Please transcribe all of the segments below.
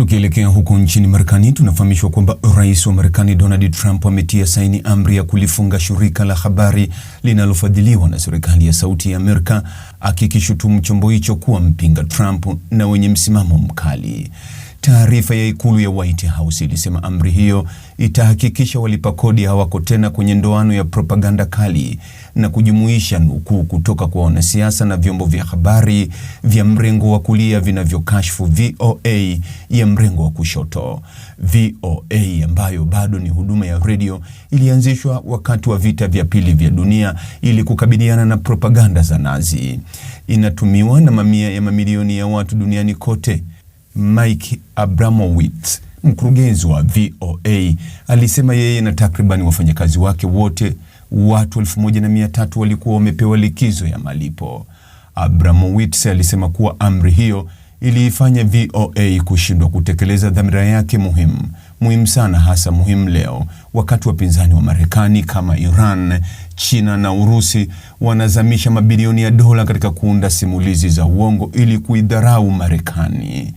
Tukielekea huko nchini Marekani, tunafahamishwa kwamba Rais wa Marekani Donald Trump ametia saini amri ya kulifunga shirika la habari linalofadhiliwa na serikali ya Sauti ya Amerika, akikishutumu chombo hicho kuwa mpinga Trump na wenye msimamo mkali. Taarifa ya ikulu ya White House ilisema amri hiyo itahakikisha walipa kodi hawako tena kwenye ndoano ya propaganda kali na kujumuisha nukuu kutoka kwa wanasiasa na vyombo vya habari vya mrengo wa kulia vinavyokashfu VOA ya mrengo wa kushoto. VOA ambayo bado ni huduma ya redio ilianzishwa wakati wa vita vya pili vya dunia ili kukabiliana na propaganda za Nazi. Inatumiwa na mamia ya mamilioni ya watu duniani kote Mike Abramowitz, mkurugenzi wa VOA, alisema yeye na takribani wafanyakazi wake wote watu 1300 walikuwa wamepewa likizo ya malipo. Abramowitz alisema kuwa amri hiyo iliifanya VOA kushindwa kutekeleza dhamira yake muhimu muhimu sana, hasa muhimu leo wakati wapinzani wa Marekani kama Iran, China na Urusi wanazamisha mabilioni ya dola katika kuunda simulizi za uongo ili kuidharau Marekani.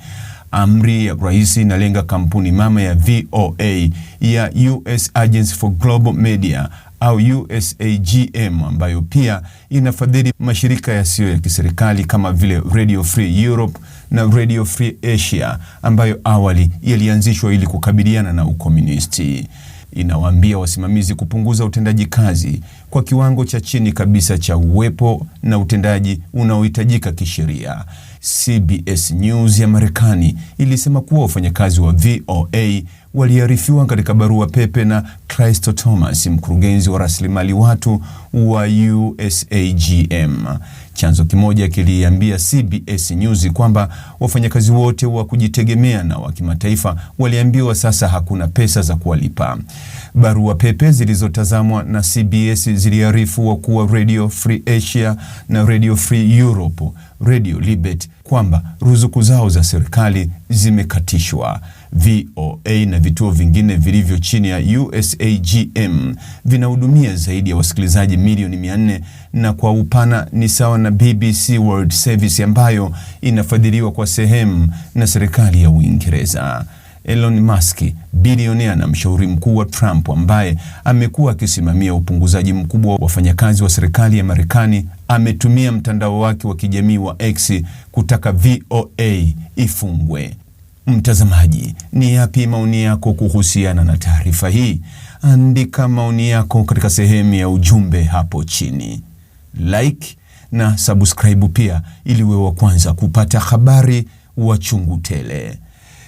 Amri ya rais inalenga kampuni mama ya VOA ya US Agency for Global Media au USAGM ambayo pia inafadhili mashirika yasiyo ya kiserikali kama vile Radio Free Europe na Radio Free Asia ambayo awali yalianzishwa ili kukabiliana na ukomunisti. Inawaambia wasimamizi kupunguza utendaji kazi kwa kiwango cha chini kabisa cha uwepo na utendaji unaohitajika kisheria. CBS News ya Marekani ilisema kuwa wafanyakazi wa VOA waliarifiwa katika barua pepe na Christo Thomas, mkurugenzi wa rasilimali watu wa USAGM. Chanzo kimoja kiliambia CBS News kwamba wafanyakazi wote wa kujitegemea na wa kimataifa waliambiwa sasa hakuna pesa za kuwalipa. Barua pepe zilizotazamwa na CBS ziliarifu wakuu wa Radio Free Asia na Radio Free Europe, Radio Libet kwamba ruzuku zao za serikali zimekatishwa. VOA na vituo vingine vilivyo chini ya USAGM vinahudumia zaidi ya wasikilizaji milioni 400 na kwa upana ni sawa na BBC World Service ambayo inafadhiliwa kwa sehemu na serikali ya Uingereza. Elon Musk, bilionea na mshauri mkuu wa Trump ambaye amekuwa akisimamia upunguzaji mkubwa wa wafanyakazi wa serikali ya Marekani, ametumia mtandao wake wa kijamii wa X kutaka VOA ifungwe. Mtazamaji, ni yapi maoni yako kuhusiana na taarifa hii? Andika maoni yako katika sehemu ya ujumbe hapo chini. Like na subscribe pia ili uwe wa kwanza kupata habari wa chungu tele.